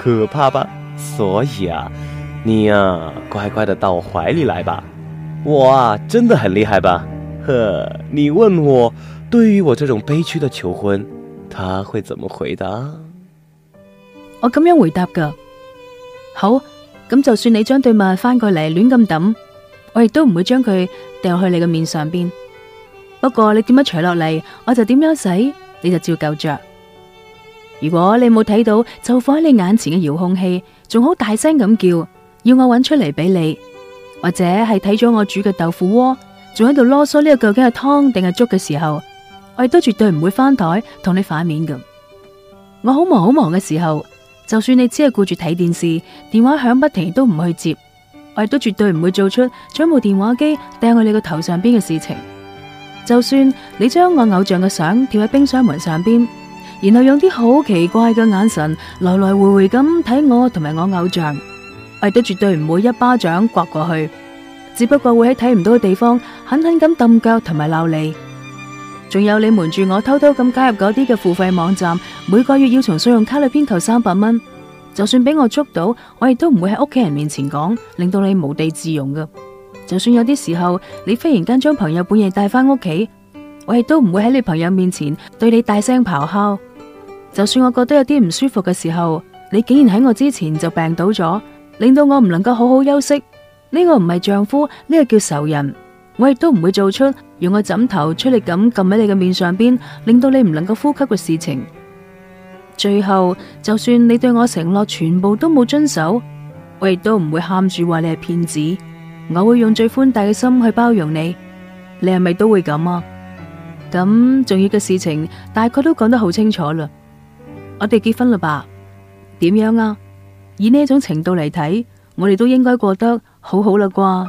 可怕吧？所以啊，你啊，乖乖的到我懷裏來吧。我啊，真的很厲害吧？呵，你問我，對於我這種悲屈的求婚，他會怎麼回答？我咁樣回答噶。好，咁就算你將對襪翻過嚟亂咁抌，我亦都唔會將佢掟去你嘅面上邊。不過你點樣除落嚟，我就點樣洗，你就照舊着。如果你冇睇到就放喺你眼前嘅遙控器，仲好大聲咁叫，要我揾出嚟俾你，或者係睇咗我煮嘅豆腐鍋，仲喺度囉嗦呢個究竟係湯定係粥嘅時候，我亦都絕對唔會翻台同你反面咁。我好忙好忙嘅時候，就算你只係顧住睇電視，電話響不停都唔去接，我亦都絕對唔會做出將部電話機掟去你個頭上邊嘅事情。就算你將我偶像嘅相貼喺冰箱門上邊，然後用啲好奇怪嘅眼神來來回回咁睇我同埋我偶像，我都絕對唔會一巴掌刮過去，只不過會喺睇唔到嘅地方狠狠咁抌腳，同埋鬧你。仲有，你瞞住我偷偷咁加入嗰啲嘅付費網站，每個月要從信用卡裏邊扣三百蚊，就算俾我捉到，我亦都唔會喺屋企人面前講，令到你無地自容嘅。就算有啲時候你忽然間將朋友半夜帶翻屋企，我亦都唔會喺你朋友面前對你大聲咆哮。就算我覺得有啲唔舒服嘅時候，你竟然喺我之前就病倒咗，令到我唔能夠好好休息，呢個唔係丈夫，呢個叫仇人，我亦都唔會做出用個枕頭出力咁撳喺你嘅面上邊，令到你唔能夠呼吸嘅事情。最後，就算你對我承諾全部都冇遵守，我亦都唔會喊住話你係騙子，我會用最寬大嘅心去包容你。你係咪都會咁啊？咁重要嘅事情，大概都講得好清楚啦。我哋結婚喇吧？點樣啊？以呢種程度嚟睇，我哋都應該過得好好喇啩。